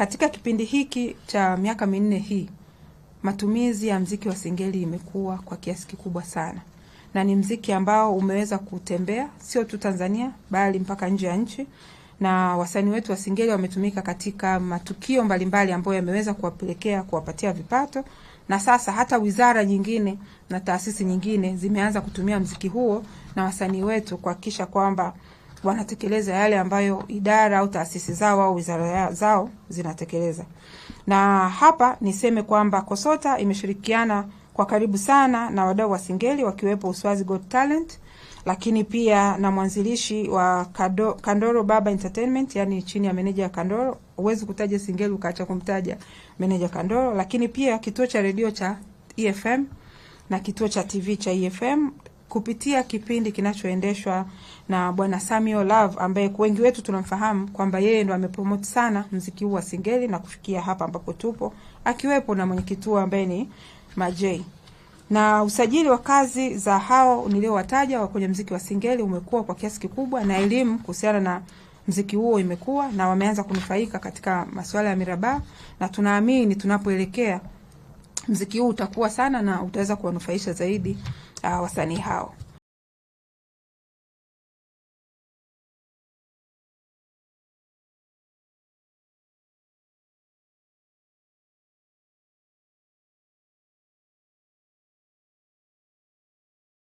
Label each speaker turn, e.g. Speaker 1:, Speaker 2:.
Speaker 1: Katika kipindi hiki cha miaka minne hii, matumizi ya mziki wa singeli imekuwa kwa kiasi kikubwa sana, na ni mziki ambao umeweza kutembea sio tu Tanzania bali mpaka nje ya nchi, na wasanii wetu wa singeli wametumika katika matukio mbalimbali ambayo yameweza kuwapelekea kuwapatia vipato, na sasa hata wizara nyingine na taasisi nyingine zimeanza kutumia mziki huo na wasanii wetu kuhakikisha kwamba wanatekeleza yale ambayo idara au taasisi zao au wizara zao zinatekeleza. Na hapa niseme kwamba KOSOTA imeshirikiana kwa karibu sana na wadau wa Singeli wakiwepo Uswazi Got Talent, lakini pia na mwanzilishi wa Kado, Kandoro Baba Entertainment, yani chini ya meneja ya Kandoro. Huwezi kutaja Singeli ukaacha kumtaja meneja Kandoro, lakini pia kituo cha redio cha EFM na kituo cha TV cha EFM kupitia kipindi kinachoendeshwa na Bwana Samuel Love ambaye wengi wetu tunamfahamu kwamba yeye ndo amepromote sana mziki huu wa Singeli na kufikia hapa ambapo tupo, akiwepo na mwenyekiti ambaye ni Majay. Na usajili wa kazi za hao niliowataja wa kwenye mziki wa Singeli umekuwa kwa kiasi kikubwa, na elimu kuhusiana na mziki huo imekuwa na wameanza kunufaika katika masuala ya miraba, na tunaamini tunapoelekea mziki huu utakuwa sana na utaweza kuwanufaisha zaidi uh, wasanii hao.